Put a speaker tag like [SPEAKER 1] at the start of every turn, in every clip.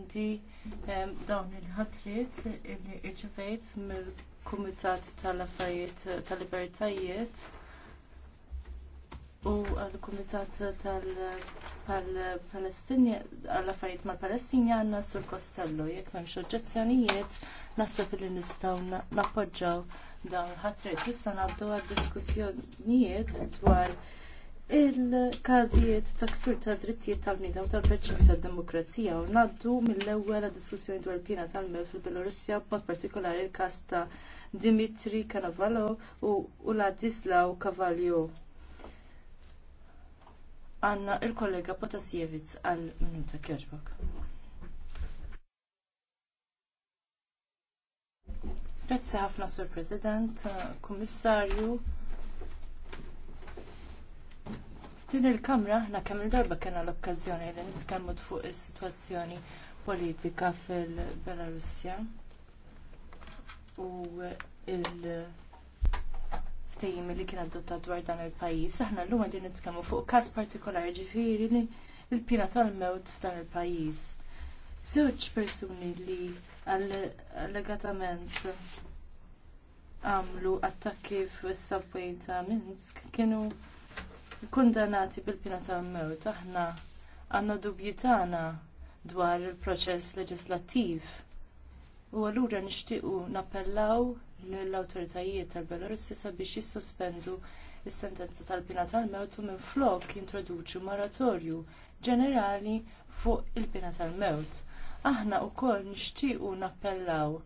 [SPEAKER 1] Għandi dawn il-ħatrit illi irċivejt mill-Kumitat tal-Affarijiet tal-Libertajiet u għal-Kumitat tal-Palestinja għall-Affarijiet mal-Palestinja għanna sur Kostello jekk m'hemmx oġġezzjonijiet naħseb li nistgħu nappoġġaw dawn il-ħatrit. Issa ngħaddu għad-diskussjonijiet dwar il-każijiet ta' ksur ta' drittijiet tal-mida u tal-perċipi tad-demokrazija u ngħaddu mill-ewwel diskussjoni dwar pjena tal-mel fil-Belorussja b'mod partikolari il-każ ta' Dimitri Kanavalo u Ladislaw Kavaljo. Għanna il-kollega Potasiewicz għal minuta kjoġbok. Grazzi ħafna, Sur President, Kummissarju. Din il-Kamra aħna kemm il-darba kellna l-okkażjoni li nitkellmu fuq is-sitwazzjoni politika fil-Belarusja u il- ftehim li kien adottat dwar dan il-pajjiż, aħna llum qegħdin nitkellmu fuq każ partikolari ġifieri li l-pina tal-mewt f'dan il-pajjiż. Żewġ persuni li allegatament għamlu attakki fis subway ta' Minsk kienu kundanati bil-pina tal-mewt. Aħna għandna dubji tagħna dwar il-proċess leġislattiv. U allura nixtiequ nappellaw lill awtoritajiet tal belarussi sabiex jissospendu s sentenza tal-pina tal-mewt u minflok jintroduċu moratorju ġenerali fuq il-pina tal-mewt. Aħna wkoll nixtiequ nappellaw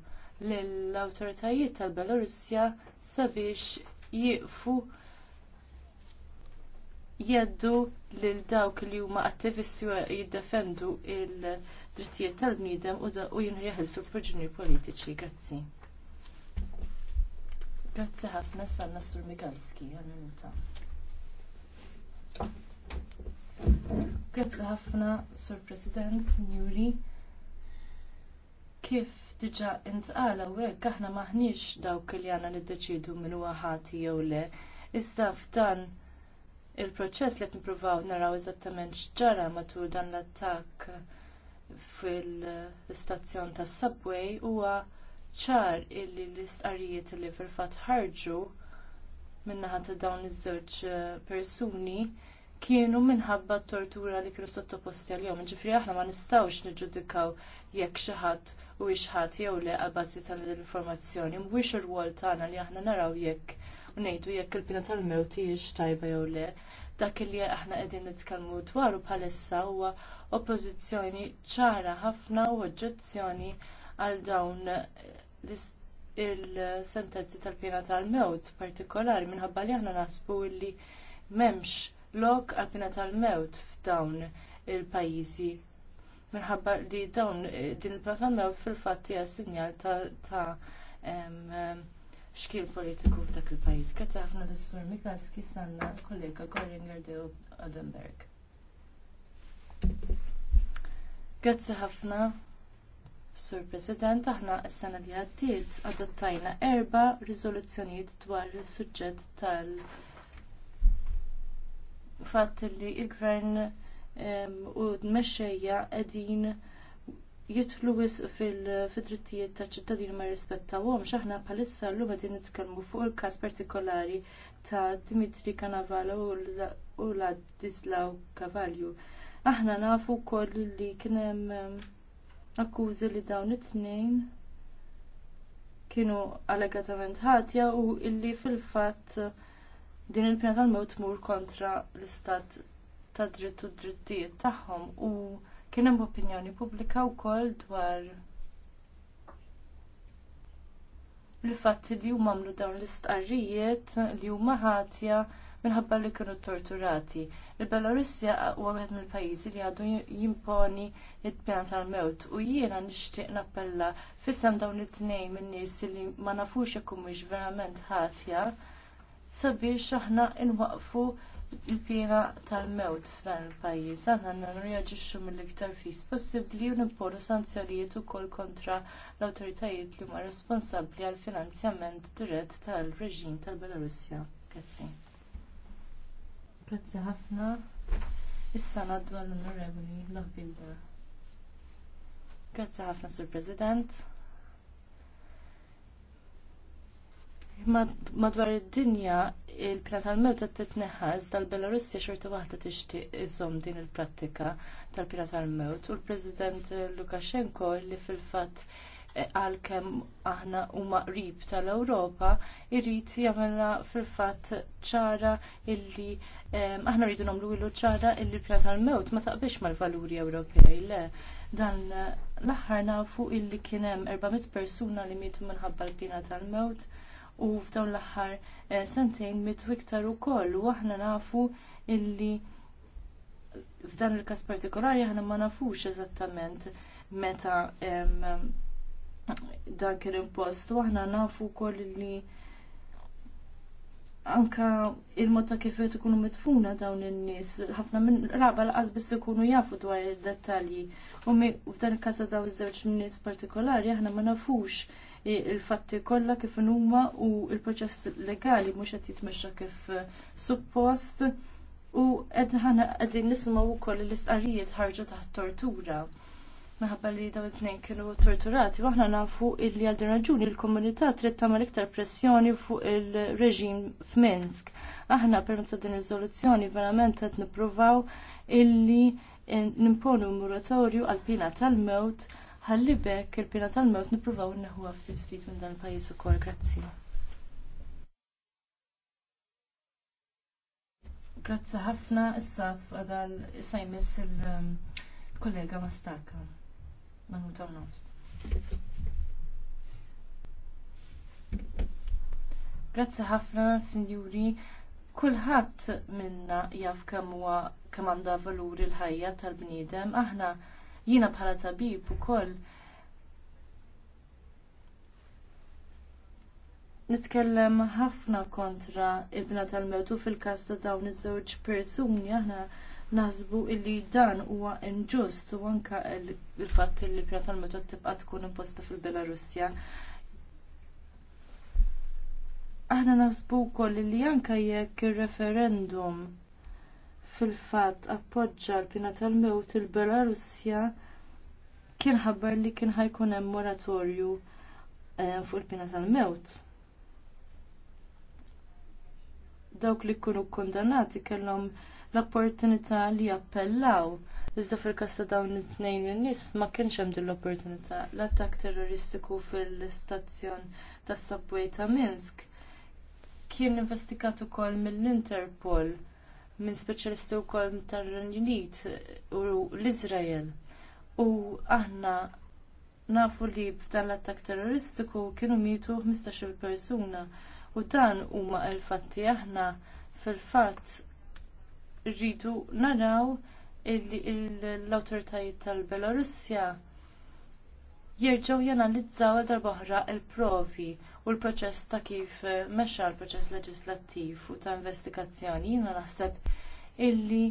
[SPEAKER 1] lill awtoritajiet tal belarussja sabiex jieqfu jeddu lil dawk li huma attivisti u jiddefendu il-drittijiet tal-bniedem u, jienu jinħieħelsu proġuni politiċi. Grazzi. Grazzi ħafna sanna Sur Migalski għal-minuta. Grazzi ħafna, Sur President, Njuri. Kif diġa intqala u hekk aħna maħniex dawk li għandna niddeċidu min huwa ħati jew le. Iżda f'dan il-proċess li nippruvaw naraw eżattament x'ġara matul dan l-attakk fil-istazzjon tas subway huwa ċar illi l-istqarrijiet li fil-fatt ħarġu min-naħa ta' dawn iż-żewġ eh, persuni kienu minħabba t tortura li kienu sottoposti għal-jom. Ġifri aħna ma nistawx niġġudikaw jekk xi ħadd u ħadd jew le għabazzi tal-informazzjoni. Mwix ir wol tagħna li aħna naraw jekk u ngħidu jekk il-pina tal-mewt hijiex tajba jew le dak li aħna qegħdin nitkellmu dwaru bħalissa huwa oppożizzjoni ċara ħafna u oġġezzjoni għal dawn il-sentenzi tal-pjena tal-mewt partikolari minħabba li aħna naħsbu li m'hemmx lok għal pjena tal-mewt f'dawn il-pajjiżi minħabba li dawn din il-pjena tal-mewt fil-fatt hija sinjal ta' xkiel politiku f'dak il-pajjiż. Grazzi ħafna l-Sur Mikaski sanna kollega Goringer de Odenberg. Grazzi ħafna, Sur President, aħna s-sena li għaddiet adottajna erba riżoluzzjonijiet dwar is-suġġett tal- fatt li l gvern u d qegħdin jitlu wis fil-drittijiet ta' ċittadini ma jirrispettawhom x'aħna bħalissa llum qegħdin nitkellmu fuq il-każ partikolari ta' Dimitri Cannavalo u Ladislaw Cavalju. Aħna nafu wkoll li kien hemm akkużi li dawn it-tnejn kienu allegatament ħatja u illi fil-fatt din il-pjana tal-mewt mur kontra l-istat ta' dritt u drittijiet tagħhom u Kien hemm opinjoni pubblika wkoll dwar l-fatti li huma għamlu dawn l-istqarrijiet li huma ħatja minħabba li kienu torturati. Il-Belorussja huwa wieħed mill-pajjiżi li għadu jimponi id-pjan tal-mewt u jiena nixtieq nappella fissem dawn it-tnejn min-nies li ma nafux jekk verament ħatja sabiex aħna inwaqfu il-pjena tal-mewt f'dan il-pajjiż. Aħna għandna nreaġixxu mill-iktar fis possibbli u nimporu sanzjonijiet ukoll kontra l-awtoritajiet li huma responsabbli għall finanzjament dirett tal-reġim tal-Belarusja. Grazzi. Grazzi ħafna. Issa ngħaddu għall-Onorevoli Loħbilda. Grazzi ħafna, Sur President. madwar id-dinja il-pina tal-mewt qed titneħħas l belarusja xorta waħda tixtieq iżżomm din il-prattika tal-pina tal-mewt u l-President Lukashenko li fil-fatt għalkemm eh, aħna huma qrib tal-Ewropa jrid jagħmilha fil-fatt ċara illi eh, aħna rridu nagħmlu ilu ċara illi l pjana tal-mewt ma taqbilx mal-valuri Ewropej le. Dan l-aħħar nafu illi kien hemm 400 persuna li mietu minħabba l pina tal-mewt u f'dawn l-aħħar eh, sentejn mitu iktar ukoll u aħna nafu illi f'dan il-każ partikolari aħna ma nafux eżattament meta dan kien impost u aħna nafu wkoll li anka il-mod ta' kif ikunu mitfuna dawn in-nies, ħafna minn raba l biss ikunu jafu dwar id dettalji U f'dan il-każ dawn iż-żewġ nies partikolari aħna ma nafux il-fatti kollha kif huma u il-proċess legali mhux qed jitmexxa kif eh, suppost u qed ħana qegħdin nisimgħu wkoll l-istqarrijiet ħarġu taħt tortura. Minħabba li dawn it-tnejn kienu torturati, waħna nafu illi għal din raġuni l-komunità trid tagħmel iktar pressjoni fuq il-reġim f'Minsk. Aħna permezz ta' din riżoluzzjoni verament qed nippruvaw illi nimponu moratorju għal pina tal-mewt ħalli bekk il-pina tal-mewt nippruvaw nneħħuha ftit ftit minn dan il-pajjiż ukoll. Grazzi. Grazzi ħafna issa il-kollega Mastaka. Mahmut nofs. Grazzi ħafna, sinjuri kulħadd minna jaf kemm huwa kemm għandha valuri l-ħajja tal-bniedem, aħna Jiena bħala tabib ukoll nitkellem ħafna kontra il-bna tal-mewtu fil-kas ta' dawn iż-żewġ persuni aħna naħsbu illi dan huwa inġust u anke il-fatt li l tal-mewtu tibqa' tkun imposta fil-Belarusja. Aħna naħsbu wkoll li anke jekk ir-referendum fil-fatt appoġġa l-pina tal-mewt il-Belarusja kien ħabbar li kien ħajkun hemm moratorju eh, fuq il-pina tal-mewt. Dawk li jkunu kkundannati kellhom l-opportunità li jappellaw. Iżda fil-kas ta' dawn it-tnejn in-nies ma kienx hemm din l-opportunità. L-attakk terroristiku fil-istazzjon tas-subway ta' Minsk kien investigat ukoll mill-Interpol minn speċjalisti wkoll tar-Renju Unit u l-Iżrael. U aħna nafu li f'dan l-attak terroristiku kienu mietu 15-il persuna u dan huma l-fatti aħna fil-fatt rridu naraw l-awtoritajiet tal-Belorussja jerġgħu janalizzaw darba oħra l provi u l-proċess ta' kif eh, mexxa l-proċess leġislattiv u ta' investigazzjoni jiena naħseb illi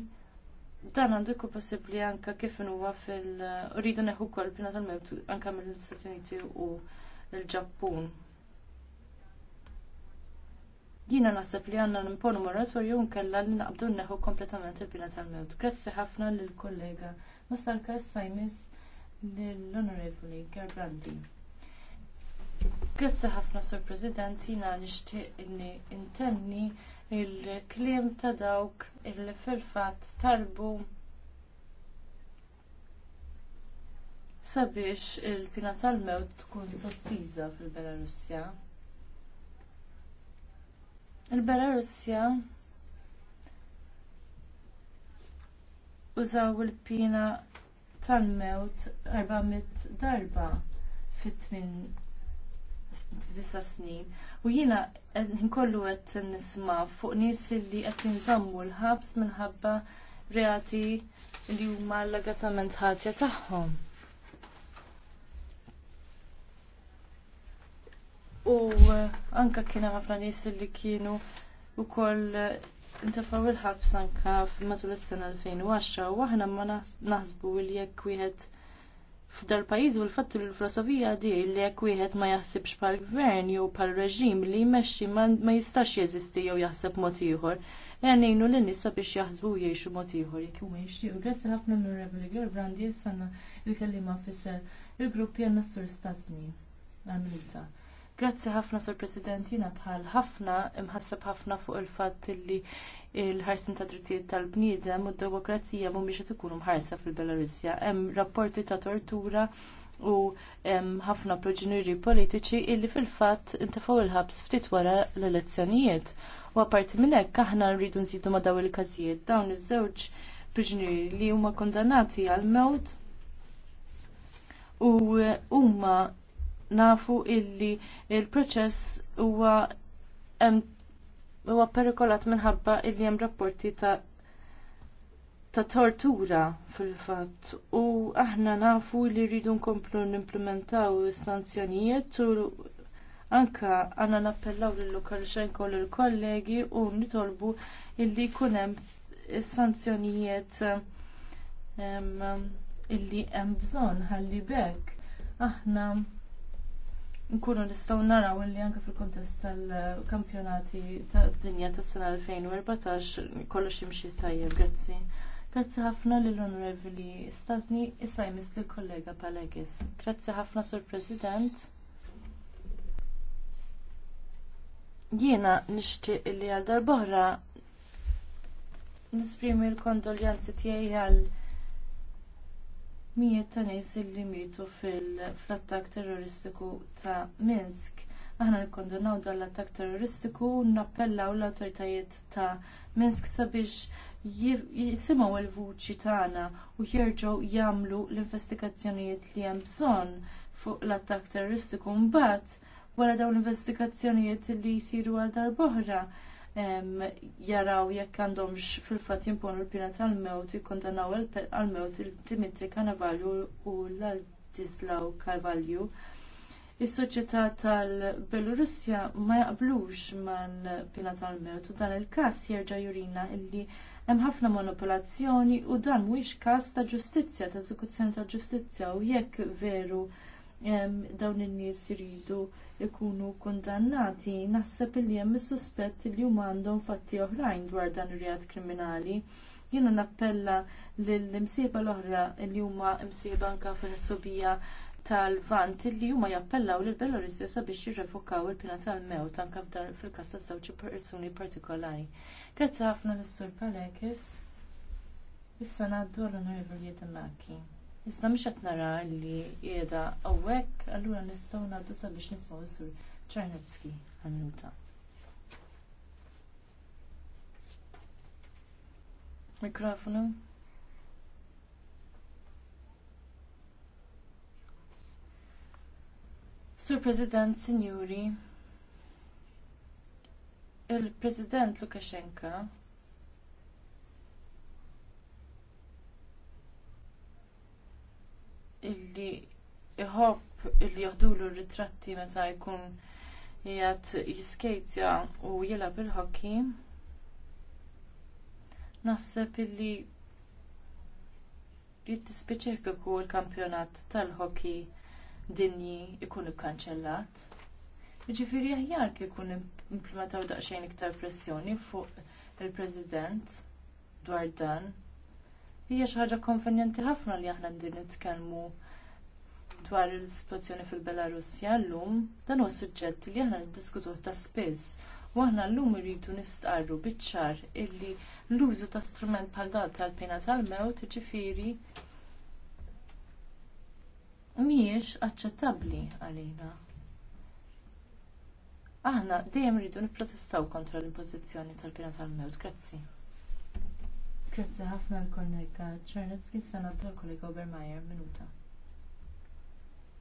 [SPEAKER 1] dan għandu jkun possibbli anke kif huwa fil- eh, rridu neħu wkoll pina tal-mewt anke mill-Istati Uniti u l-Ġappun. Jiena naħseb li għandna nimponu moratorju nkella li naqbdu neħu kompletament il-pina tal-mewt. Grazzi ħafna lill kollega Mastalka Sajmis lill onorevoli Gerbrandi. Grazzi ħafna, Sur President, jina nixtieq inni intenni il-kliem ta' dawk illi fil-fatt talbu sabiex il-pina tal-mewt tkun sospiża fil-Belarusja. Il-Belarusja użaw il-pina tal-mewt 400 darba fit-tmin f'disa snin. U jiena nkollu qed nisma' fuq nies li qed jinżammu l-ħabs minħabba reati li huma l-legatament ħatja tagħhom. U eh, anke kien hemm ħafna nies li kienu wkoll eh, intefaw il-ħabs anke matul is-sena 2010 u aħna ma naħsbu li jekk wieħed f'dar pajjiżi u l-fattu li l-filosofija di li jekk wieħed ma jaħsibx pal gvern jew pal reġim li jmexxi ma jistax jeżisti jew jaħseb mod ieħor. Għanejnu l-nisa biex jaħsbu jgħixu mod ieħor jekk huma jixtiequ. Grazzi ħafna l-Onorevoli Gerbrandi sanna il-kellima fisser il-gruppi għandna sur stazni għal-minuta. Grazzi ħafna sur President jiena bħal ħafna imħasseb ħafna fuq il-fatt li il-ħarsin ta' drittijiet tal-bniedem u d-demokrazija mhumiex qed ikunu mħarsa fil-Belarusja. Hemm rapporti ta' tortura u ħafna proġenuri politiċi illi fil-fatt intefgħu il-ħabs ftit wara l-elezzjonijiet. U apparti minn hekk aħna rridu nżidu ma' dawn il-każijiet dawn iż-żewġ priġunieri li huma kondannati għal mewt u huma nafu illi il-proċess huwa hemm huwa perikolat minħabba illi hemm rapporti ta' ta' tortura fil-fatt u aħna nafu li rridu nkomplu nimplementaw is-sanzjonijiet u anke għandna nappellaw lil Lukashenko lill kollegi u nitolbu illi jkun hemm is-sanzjonijiet illi hemm bżonn ħalli bekk aħna nkunu nistgħu naraw li anke fil-kontest tal-kampjonati tad dinja tas sena 2014 kollox imxi tajjeb, grazzi. Grazzi ħafna lil onorevoli Stazni issa jmiss lill kollega Palegis. Grazzi ħafna sur President. Jiena nixtieq li għal darbohra nisprimi l-kondoljanzi tiegħi għal mijiet ta' nies illi mietu fil-attak terroristiku ta' Minsk. Aħna nikkondonaw dan l-attak terroristiku u nappellaw l-awtoritajiet ta' Minsk sabiex jisimgħu l-vuċi tagħna u jerġgħu jagħmlu l-investigazzjonijiet li hemm bżonn fuq l-attak terroristiku mbagħad wara dawn l-investigazzjonijiet li jsiru għal oħra jaraw jekk għandhomx fil-fatt jimponu l-pina tal-mewt jikkondannaw għal-mewt il-Dimitri Kanavalju u l-Altislaw Karvalju. Is-soċjetà tal-Belorussja ma jaqblux mal-pina tal-mewt u dan il-każ jerġa' jurina illi hemm ħafna manipolazzjoni u dan mhuwiex każ ta' ġustizzja, ta' eżekuzzjoni ta' ġustizzja u jekk veru dawn in-nies iridu ikunu kundannati, naħseb li hemm is-suspett li huma għandhom fatti oħrajn dwar dan ir-reat kriminali. Jiena nappella lill-imsieba l-oħra li huma msieba anke fil-sobija tal-vant li huma jappellaw lil Belarus sabiex jirrevokaw il-pina tal-mewt anke fil-każ ta' żewġ persuni partikolari. Grazzi ħafna lis-Sur Palekis. Issa ngħaddu l-Onorevoli Jitemaki. Iżda mhux qed nara li qiegħda hawnhekk, allura nistgħu ngħaddu sabiex nisma' Sur Czarnecki għannuta. Mikrofonu. Sur President, Signori, il-President Lukashenka, illi iħobb illi r ritratti meta jkun jgħat jiskejtja u jilgħab il-hockey. Naħseb illi jittispiċeħ l-kampjonat tal-hockey dinji ikun ikkanċellat. Jiġifieri aħjar kif ikun implementaw daqsxejn iktar pressjoni fuq il-President dwar dan hija xi ħaġa konvenjenti ħafna li aħna ndin nitkellmu dwar il sitwazzjoni fil-Belarusja llum dan huwa suġġett li aħna niddiskutuh ta' spiss u aħna llum iridu nistqarru biċ-ċar illi l-użu ta' strument bħal dan tal-pena tal-mewt ġifieri mhijiex aċċettabbli għalina. Aħna dejjem rridu nipprotestaw kontra l-impożizzjoni tal-pena tal-mewt, grazzi. Grazzi ħafna l-kollega Czernetski, senator kollega Obermeyer, minuta.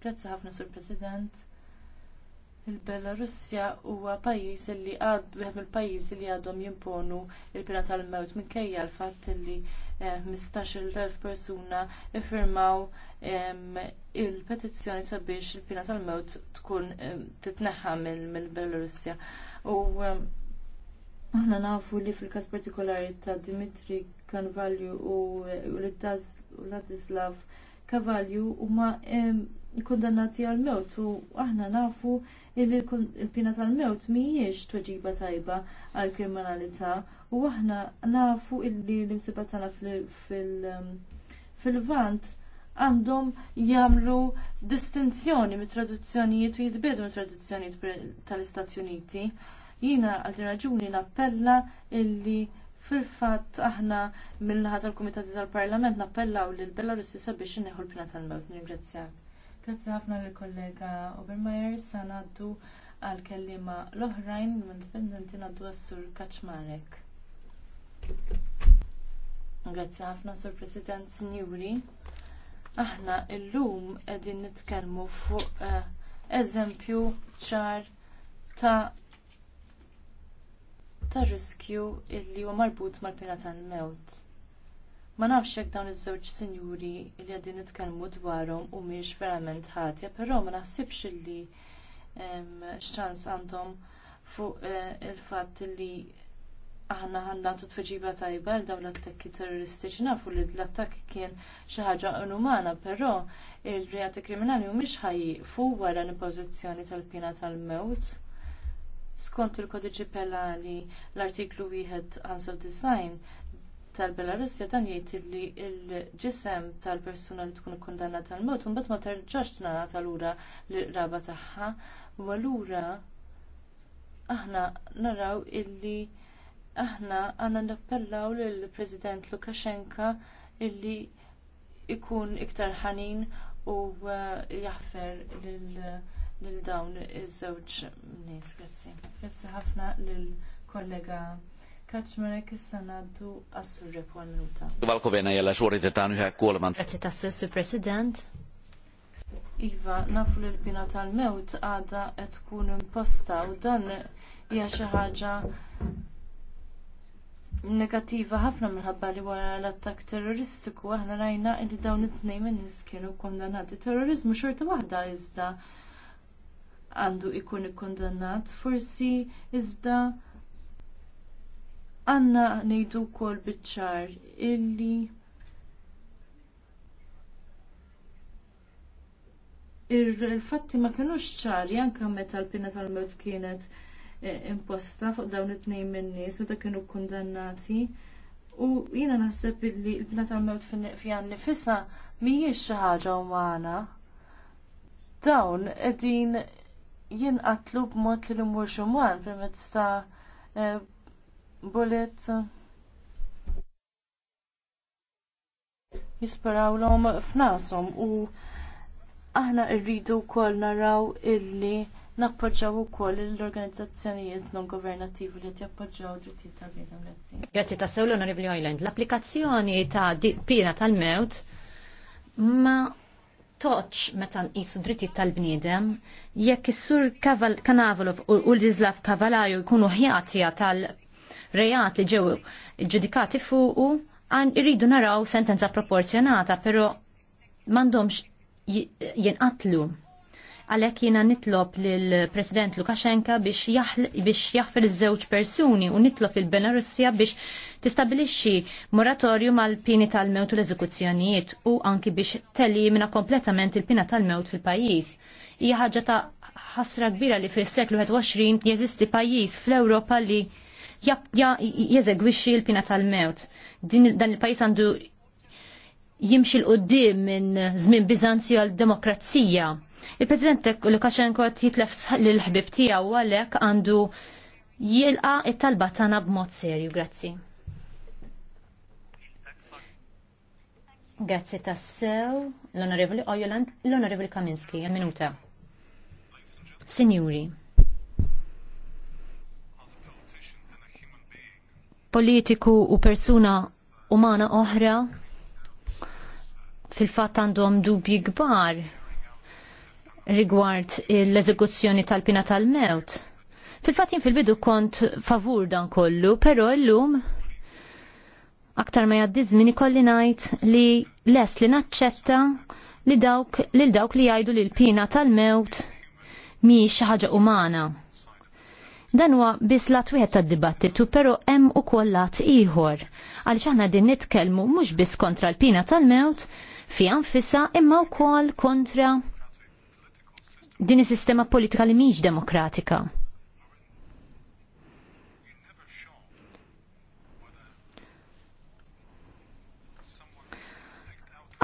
[SPEAKER 1] Grazzi ħafna sur President. Il-Belarusja huwa pajjiż li għad wieħed mill-pajjiżi li għadhom jimponu il-pena tal-mewt minkejja l-fatt li 15,000 eh, persuna iffirmaw ehm, il-petizzjoni sabiex il-pena tal-mewt tkun ehm, titneħħa mill-Belarusja. U ehm, aħna nafu li fil-każ partikolari ta' Dimitri Kanvalju u Ladislav Kavalju huma kondannati għal mewt u aħna nafu li l-pina tal-mewt mhijiex tweġiba tajba għall kriminalità u aħna nafu illi l-imsiba tagħna fil-vant għandhom jagħmlu distinzjoni mit traduzzjonijiet u jidbedu mit traduzzjonijiet tal-Istati Uniti. Jiena għal raġuni nappella illi Fil-fatt aħna mill naħa tal-Kumitati tal-Parlament nappellaw lil Belarussi sabiex inneħu l-pina tal-mewt. Ningrazzjak. Grazzi ħafna lill-kollega Obermeyer sa ngħaddu għal kelliema l-oħrajn indipendenti ngħaddu għas-sur Kaczmarek. Grazzi ħafna, Sur President, Sinjuri. Aħna illum qegħdin nitkellmu fuq eh, eżempju ċar ta' ta' riskju illi huwa marbut mal-pena tal-mewt. Ma nafx jekk dawn iż-żewġ sinjuri li għadin nitkellmu dwarhom u mhix verament ħatja, però ma naħsibx illi x'ċans għandhom fuq eh, il-fatt li aħna ħanna tu tajba l dawn l-attakki terroristiċi nafu li l-attakk kien xi ħaġa inumana, però il-reati kriminali mhumiex ħajfu wara l-impożizzjoni tal-pina tal-mewt skont il-kodiċi penali l-artiklu wieħed għansaw design tal-Belarusja dan jgħid li l-ġisem tal-persuna li tkun ikkundannata tal mewt imbagħad ma terġax tingħata lura l-raba tagħha u allura aħna naraw illi aħna għandna nappellaw lill president Lukashenka illi ikun iktar ħanin u eh, jaffer lil lil dawn iż-żewġ nies. Grazzi. Grazzi ħafna lil kollega Kaczmarek issa ngħaddu għas-surrep għal minuta.
[SPEAKER 2] Valkovena jella xorri tetan juħek kolman.
[SPEAKER 1] Grazzi tassessu
[SPEAKER 2] President.
[SPEAKER 1] Iva, nafu l-bina tal-mewt għadha qed tkun imposta u dan hija xi ħaġa negattiva ħafna minħabba li wara l-attak terroristiku aħna rajna li dawn it-tnejn minn nies kienu kondannati terrorizmu xorta waħda iżda għandu ikun ikkondannat, forsi iżda għanna nejdu kol bitċar illi il-fatti ma kienux ċari anke meta l-pina tal-mewt kienet e, imposta fuq dawn it-tnejn min-nies meta kienu kkundannati, U jiena naħseb illi l-pina tal-mewt fjan nifisa mhijiex xi ħaġa umana. Dawn qegħdin jinqatlu b'mod li l-imur xuman permezz ta' eh, bullet jisparawlhom f'nashom u aħna rridu wkoll naraw illi nappoġġaw ukoll l-organizzazzjonijiet non governattivi li qed jappoġġaw drittijiet tal-bniedem grazzi.
[SPEAKER 2] Grazzi ta' sew Island. L-applikazzjoni ta' pina tal-mewt ma' toċ meta nqisu dritti tal-bniedem, jekk is-sur Kanavalov u Lislav Kavalaju jkunu ħjatija tal-rejat li ġew ġudikati fuqu, għan irridu naraw sentenza proporzjonata, pero mandomx jenqatlu Għalhekk jiena nitlob l President Lukashenka biex jaħfel iż-żewġ persuni u nitlob il Russija biex tistabilixxi moratorju mal-pini tal-mewt u l-eżekuzzjonijiet u anki biex telimina kompletament il-pina tal-mewt fil-pajjiż. Hija ħaġa ta' ħasra kbira li fis-seklu 21 jeżisti pajjiż fl-Ewropa li jeżegwixxi l-pina tal-mewt. Dan il-pajjiż għandu jimxi l-qoddim minn żmien Biżanzju għal demokrazija. Il-President Lukashenko jitlef l-ħbib tiegħu għalhekk għandu jilqa it-talba tagħna b'mod serju, grazzi. Grazzi tassew, l-Onorevoli Ojoland, l-Onorevoli Kaminski, għal-minuta. Signori, politiku u persuna umana oħra fil-fat għandhom dubji kbar rigward l-eżekuzzjoni tal-pina tal-mewt. Fil-fatin fil-bidu kont favur dan kollu, pero l-lum aktar ma jaddiz żmien ikolli ngħid li les li naċċetta li dawk lil dawk li jgħidu li l-pina tal-mewt mi xi ħaġa umana. Dan huwa biss lat wieħed tad-dibattitu, però hemm ukoll lat ieħor għaliex aħna din nitkellmu mhux biss kontra l-pina tal-mewt fi anfisa imma wkoll kontra din is-sistema politika li mhix demokratika.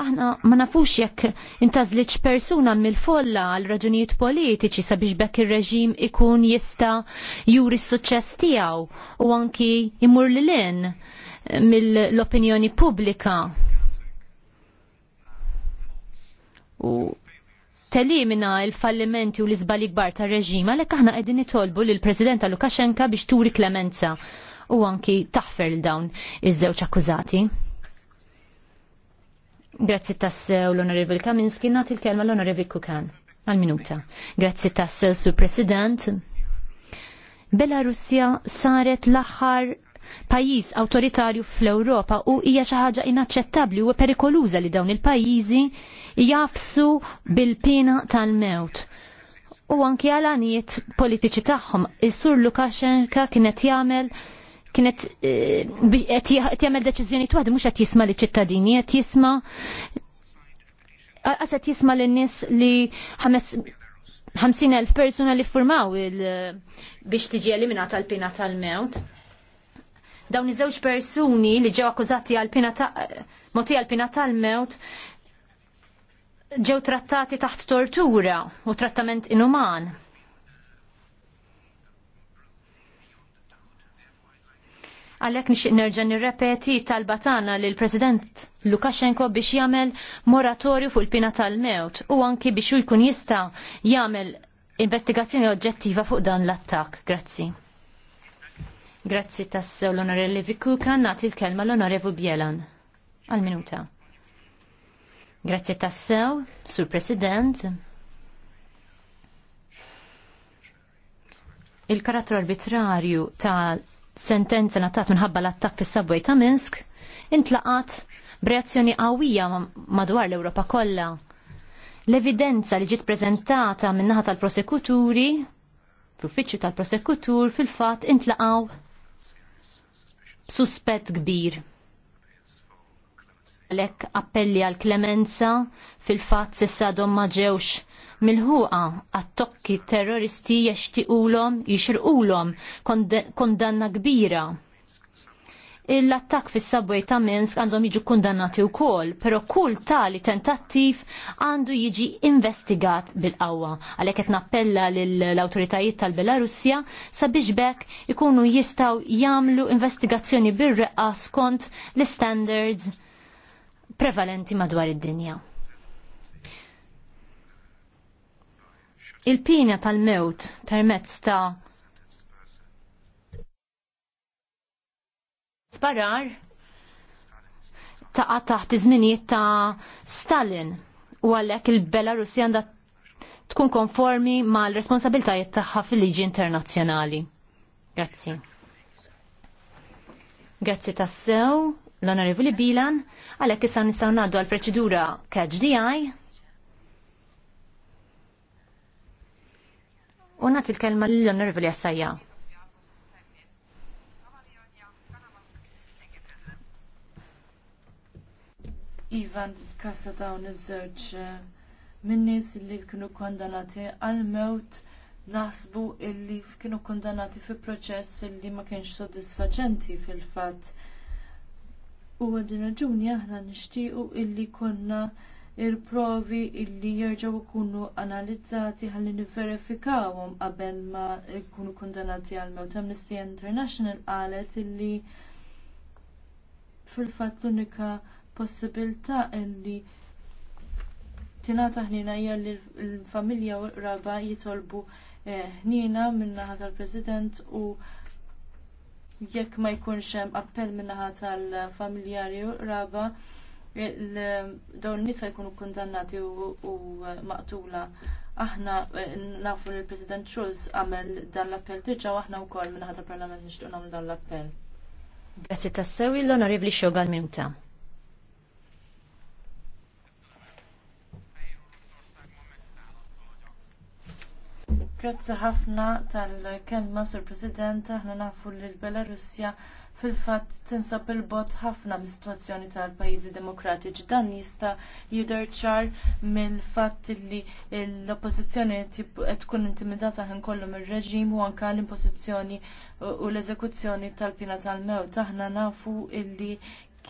[SPEAKER 2] aħna ma nafux jekk intażliċ persuna mill-folla għal raġunijiet politiċi sabiex bekk ir-reġim ikun jista juri s-suċċess tiegħu u anki jmur lil mill-opinjoni pubblika. U telimina il-fallimenti u l-izbali gbar ta' reġim għalhekk aħna qegħdin nitolbu lil prezidenta Lukashenka biex turi klemenza u anki taħfer l dawn iż-żewġ akkużati. Grazzi tassew l-Onorevoli Kaminski, nagħti l-kelma l-Onorevoli Kukan għal-minuta. Grazzi tassew, Sur President. Belarusja saret l-aħħar pajjiż awtoritarju fl-Ewropa u hija xi ħaġa inaċċettabbli u perikoluża li dawn il-pajjiżi jafsu bil-pena tal-mewt u anki għalanijiet politiċi tagħhom. Is-sur Lukashenka kienet jagħmel kienet eh, qed jagħmel deċiżjoni waħdu mhux qed jisma' liċ-ċittadini, qed jisma' għas qed jisma' lin-nies li ħames 50,000 persuna li ffurmaw biex tiġi eliminata l-pina tal-mewt. Dawn iż-żewġ persuni li ġew akkużati għal pina ta' moti għal pina tal-mewt ġew trattati taħt tortura u trattament inuman. Għalhekk nixtieq nerġa' nirrepeti talba tagħna l President Lukashenko biex jagħmel moratorju fuq il-pina tal-mewt u anki biex jkun jista' jagħmel investigazzjoni oġġettiva fuq dan l-attakk. Grazzi. Grazzi tassew l-onorevoli Vikuka, nati l-kelma l-onorevoli Bielan. Għal-minuta. Grazzi tassew, sur President. Il-karattru arbitrarju ta' sentenza natat minħabba l-attak fis subway ta' Minsk intlaqat b'reazzjoni qawwija madwar l-Ewropa kollha. L-evidenza li ġiet preżentata min-naħa tal-prosekuturi fl-uffiċċju tal-prosekutur fil-fatt intlaqgħu suspett kbir. Lek appelli għal klemenza fil-fat sissa dom maġewx mil-ħuqa għat-tokki terroristi jaxtiqulom, jixirqulom kondanna kbira l-attak fis subway ta' Minsk għandhom jiġu kundannati wkoll, però kull tali tentattiv għandu jiġi investigat bil-qawwa. Għalhekk qed nappella lill-awtoritajiet tal-Belarusja sabiex bekk ikunu jistgħu jagħmlu investigazzjoni bir-reqqa skont l-standards prevalenti madwar id-dinja. Il-pina tal-mewt permezz ta' Sparar taqa' taħt iż-żminijiet ta' Stalin u għalhekk il-Belarusja għandha tkun konformi mal-responsabiltajiet tagħha fil-liġi internazzjonali. Grazzi. Grazzi tassew, l-Onorevoli Bilan, għalhekk issa nistgħu ngħaddu għall proċedura catch DI. U nagħti l-kelma lill-Onorevoli Assajja.
[SPEAKER 1] Ivan kassa dawn iż-żewġ eh, minnis li kienu kondannati għal mewt naħsbu illi kienu kondannati fi proċess illi ma kienx sodisfaċenti fil-fatt. U għadina ġuni aħna nixtiequ illi konna il-provi illi jerġgħu jkunu analizzati ħalli niverifikawhom qabel ma jkunu kondannati għal mewt. Amnesty International qalet illi fil-fatt l-unika possibilità li tingħata ħnina hija li l-familja u raba jitolbu eh, ħnina min-naħa tal-President u jekk ma jkunx hemm appell min-naħa tal-familjari u raba dawn nisa jkunu kundannati u eh, maqtula. Aħna eh, nafu li l-President Schulz għamel dan l-appell diġà u aħna wkoll min-naħa tal-Parlament nixtiequ nagħmlu dan l-appell.
[SPEAKER 2] Grazzi tassewi l-Onorevli Xogan Minuta.
[SPEAKER 1] Grazzi ħafna tal-kelma, Sur President, aħna nafu li l-Belarusja fil-fatt tinsab il-bot ħafna mis-situazzjoni tal-pajjiżi demokratiċi. Dan jista' jidher ċar mill-fatt li l-oppożizzjoni qed tkun intimidata ħin kollu mir-reġim u anke l-impożizzjoni u l-eżekuzzjoni tal-pina tal-mewt. Aħna nafu illi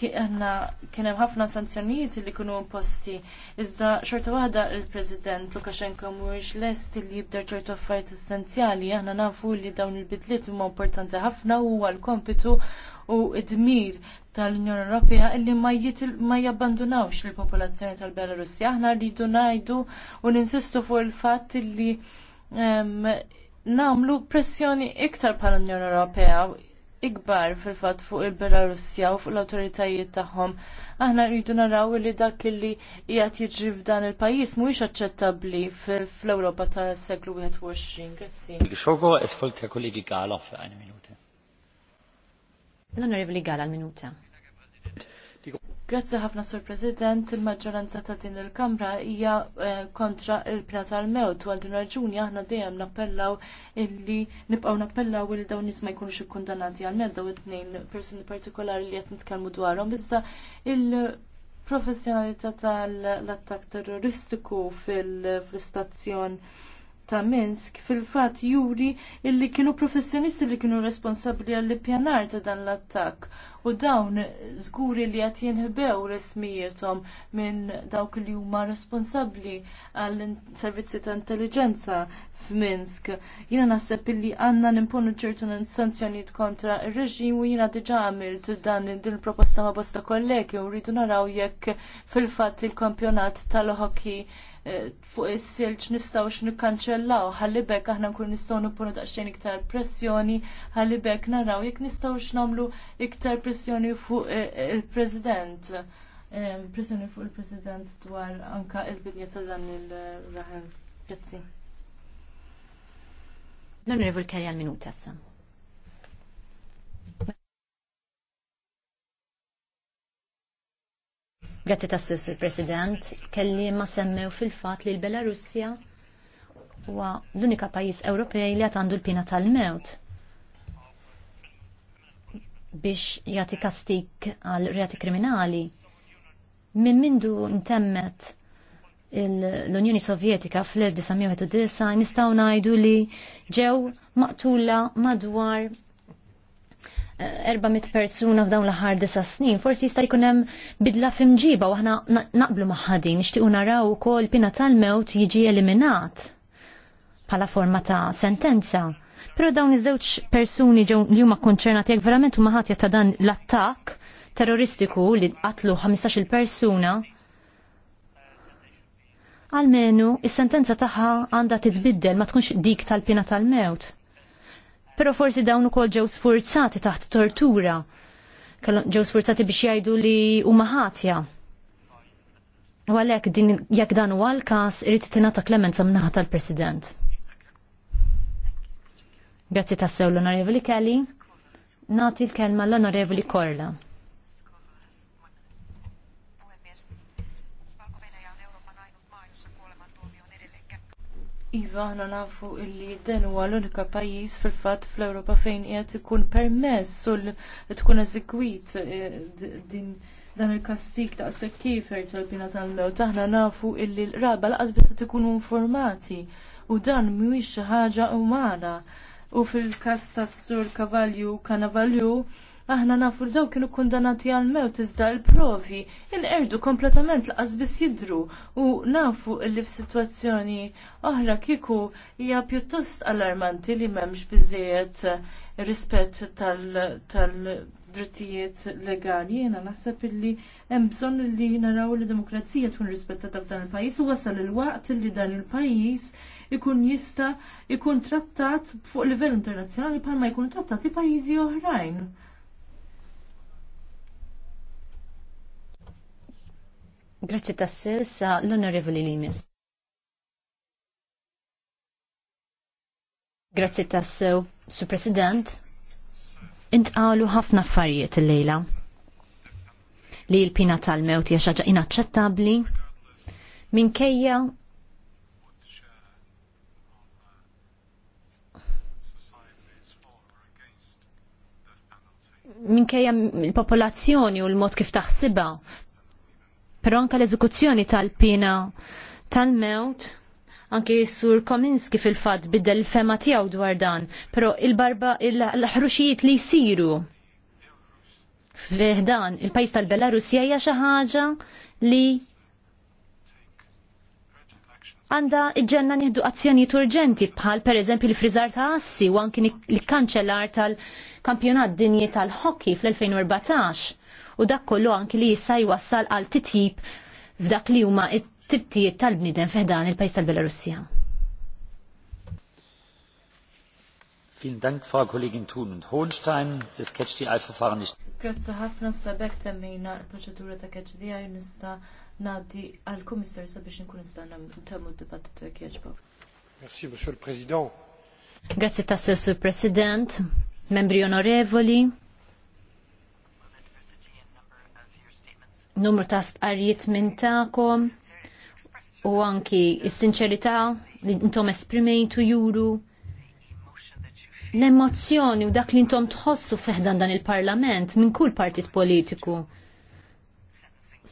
[SPEAKER 1] kienem ħafna sanzjonijiet li kunu imposti. Iżda xorta waħda il-President Lukashenko mhuwiex lest li jibder ċertu affarijiet essenzjali, aħna nafu li dawn il-bidliet huma importanti ħafna huwa l-kompitu u id-dmir tal-Unjoni Ewropea illi ma, jitil, ma jabbandunawx il-popolazzjoni tal-Belarusja. Aħna rridu ngħidu u ninsistu fuq il-fatt li um, namlu pressjoni iktar bħal-Unjoni Ewropea ikbar fil-fatt fuq il belarussja u fuq l-awtoritajiet tagħhom. Aħna rridu naraw li dak li qiegħed jiġri f'dan il-pajjiż mhuwiex aċċettabbli fl-Ewropa tas-seklu 21. Grazzi. Xogo kollegi Gala f'għajn minuti. L-Onorevoli Gala minuta. Grazzi ħafna Sur President, il-maġġoranza ta' din il-Kamra hija eh, kontra il-pena tal-mewt u għal din raġuni aħna dejjem nappellaw illi nibqgħu nappellaw li dawn nies ma jkunux ikkundannati għal medda it tnejn persuni partikolari li qed nitkellmu dwarhom iżda il- professjonalità tal-attak terroristiku fil-istazzjon fil ta' Minsk fil-fat juri illi kienu professjonisti li kienu responsabli għall pjanar ta' dan l-attak u dawn zguri li għat jenħbew resmijietom minn dawk li huma responsabli għall servizzi ta' intelligenza f'Minsk. Jina naħseb illi għanna nimponu ċertu sanzjoniet kontra il-reġim u jina diġa għamilt dan din proposta ma' bosta kollegi u rridu naraw jekk fil-fat il-kampjonat tal-hockey Eh, fuq is-silġ nistgħu nikkanċellaw ħalli bekk aħna nkun nistgħu nipponu daqsxejn iktar pressjoni ħalli bekk naraw jekk nistgħu nagħmlu iktar pressjoni fuq eh, il-President. Eh, pressjoni fuq il-President dwar anka il-bidja ta' dan il-raħel. Grazzi.
[SPEAKER 2] Non rivol kelli minuta sam. Grazzi tassis, sur President, kelli ma semmew fil-fat li l-Belarusja huwa l-unika pajjiż Ewropej li għandu l-pina tal-mewt biex jagħti kastik għal reati kriminali. Min mindu intemmet l-Unjoni Sovjetika fl 1929 nistgħu ngħidu li ġew maqtula madwar 400 persuna f'dawn l-ħar disa snin, forsi jista' jkun hemm bidla fimġiba u aħna naqblu ma' ħadin, nixtiequ naraw ukoll pina tal-mewt jiġi eliminat bħala forma ta' sentenza. Però dawn iż-żewġ persuni ġew li huma konċernati jekk verament huma ħatja ta' dan l-attakk terroristiku li qatlu 15-il persuna Almenu, is-sentenza tagħha għandha titbiddel ma tkunx dik tal-pina tal-mewt pero forsi dawn ukoll ġew sfurzati taħt tortura. Ġew sfurzati biex jgħidu li huma ħatja. U għalhekk din jekk dan huwa l-każ irid tingħata klemenza mnaħat tal-President. Grazzi tassew l-Onorevoli Kelly. Nati l-kelma l-Onorevoli Korla.
[SPEAKER 1] Iva, aħna nafu illi dan huwa l-unika pajjiż fil-fatt fl-Ewropa fejn qiegħed ikun permess u tkun eżegwit eh, dan il-kastik daqshekk kiefer tal-bina tal-mewt. Aħna nafu illi l-raba laqas biss qed ikunu informati u dan mhuwiex xi ħaġa umana. U fil-każ tas-sur Kavalju Kanavalju Aħna nafu li daw kienu kundanati għal mewt iżda l-provi inqerdu kompletament laqas biss jidru u nafu li f'sitwazzjoni oħra kieku hija pjuttost allarmanti li m'hemmx biżejjed rispett tal-drittijiet legali. Jiena naħseb illi hemm bżonn li naraw li demokrazija tkun rispettata f'dan il-pajjiż u wasal il-waqt li dan il-pajjiż ikun jista' ikun trattat fuq livell internazzjonali bħalma jkunu trattati pajjiżi oħrajn.
[SPEAKER 2] Grazzi tassew sa l-Onorevoli Limis. Grazzi tassew, Sur President. Intqalu ħafna affarijiet il-lejla. Li l-pina tal-mewt inaċċettabli. Min inaċċettabbli minkejja minkejja il-popolazzjoni u l-mod kif taħsiba. Però anke l-eżekuzzjoni tal-pina tal-mewt anki s-sur Kominski fil-fat l fema tijaw dwar dan, pero il-barba l-ħruxijiet li jisiru fiħdan il-pajis tal belarus hija xi ħaġa li għanda iġenna nieħdu azzjoni urġenti bħal eżempju l-friżar ta' assi u anki l-kanċellar tal-kampjonat dinji tal hockey fl-2014 u dak kollu anki li jissa jwassal għal titjib f'dak li huma t-tittijiet tal bniden f'dan il-pajjiż tal-Belarusja.
[SPEAKER 1] Vielen Dank, Frau Kollegin Thun und Hohenstein. Das Catch-the-Eye-Verfahren nicht. Grazie ħafna sabek temmejna l-proċedura ta' Catch-the-Eye nista' ngħaddi għall-Kummissar sabiex nkun nista' ntemmu d-dibattitu jekk jogħġbok. Merci, Monsieur le Président.
[SPEAKER 2] Grazie Tassel, Sur President, membri onorevoli. numru ta' stqarrijiet minn ta'kom u anki s-sinċerità li intom esprimejtu juru l-emozjoni u dak li intom tħossu fiħdan dan il-parlament minn kull partit politiku.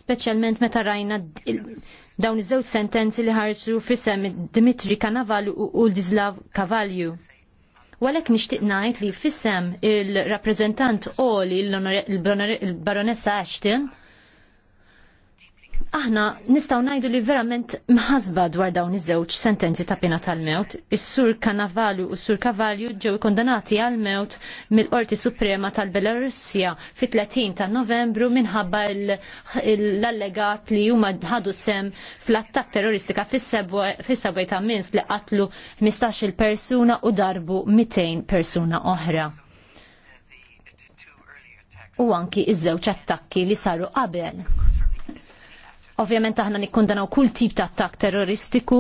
[SPEAKER 2] Speċjalment meta rajna dawn iż-żewġ sentenzi li ħarsu fisem Dimitri Kanaval u Uldislav Kavalju. Walek nixtieq ngħid li fisem il-rappreżentant oli l-baronessa Ashton, aħna nistaw najdu li verament mħasba dwar dawn iż-żewġ sentenzi ta' pena tal-mewt. Is-sur Kanavalju u s-sur Kavalju ġew kondannati għal-mewt mill-Qorti Suprema tal-Belarusja fit-30 ta' Novembru minħabba l-allegat li huma ħadu sem fl-attak terroristika fis-sebwej ta' Minsk li qatlu 15-il persuna u darbu 200 persuna oħra. U anki iż-żewġ attakki li saru qabel Ovvjament aħna nikkundanaw kull tip ta' attak terroristiku.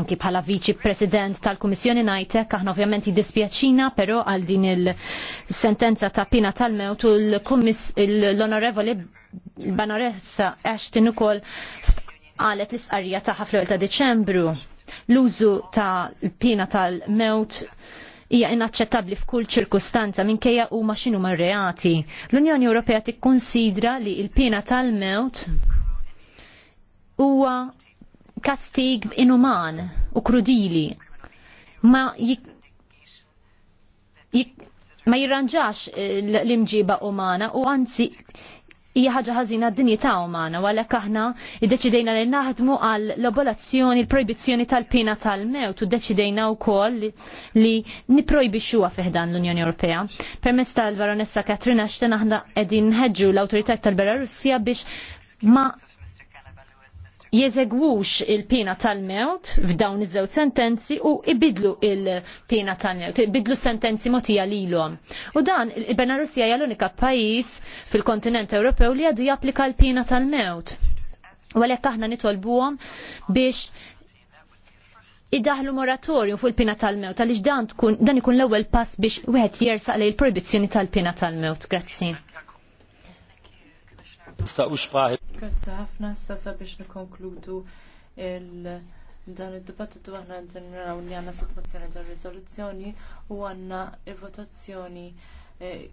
[SPEAKER 2] Anki bħala viċi president tal-Kummissjoni najtek, aħna ovvjament jiddispjaċina, però għal din il-sentenza ta' pina tal-mewt u l-onorevoli Banoressa Ashton ukoll għalet l-istqarrija ta' ħafl ta' Deċembru. L-użu ta' pina tal-mewt hija inaċċettabbli f'kull ċirkustanza minkejja huma x'inhuma reati. L-Unjoni Ewropea tikkunsidra li l-pena tal-mewt huwa kastig inuman u krudili. Ma jik, jik ma jirranġax eh, l-imġiba umana u anzi hija ħaġa ħażina d-dinjità umana u għalhekk aħna iddeċidejna li naħdmu għal l obolazzjoni l-projbizzjoni tal-pina tal-mewt u ddeċidejna wkoll li nipprojbixxuha fiħdan l-Unjoni Ewropea. Permezz tal-Baronessa Katrina Xten aħna qegħdin nħeġġu l-awtoritajt tal-Belarusja biex ma jeżegwux il-pina tal-mewt f'dawn iż-żewġ sentenzi u ibidlu il-pina tal-mewt, ibidlu sentenzi motija lilhom. U dan il-Belarusja hija l-unika pajjiż fil-kontinent Ewropew li għadu japplika l-pina tal-mewt. U għalhekk aħna nitolbuhom biex idaħlu moratorju fuq il-pina tal-mewt għaliex dan dan ikun l-ewwel pass biex wieħed jersaq lejn il-proibizzjoni tal-pina tal-mewt. Grazzi.
[SPEAKER 1] Grazzi ħafna sasa biex nikonkludu il- dan id-dibattitu aħna naraw li għandna sat-mozzjoni ta' riżoluzzjoni u għandna il-votazzjoni eh,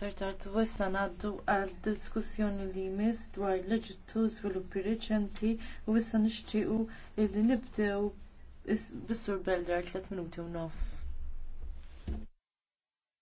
[SPEAKER 1] Tartartu wissa ngħaddu għal diskussjoni li jmiss dwar leġittu sviluppi żviluppi reċenti u issa nixtiequ li nibdew bis-sur Belder 3 minuti u nofs.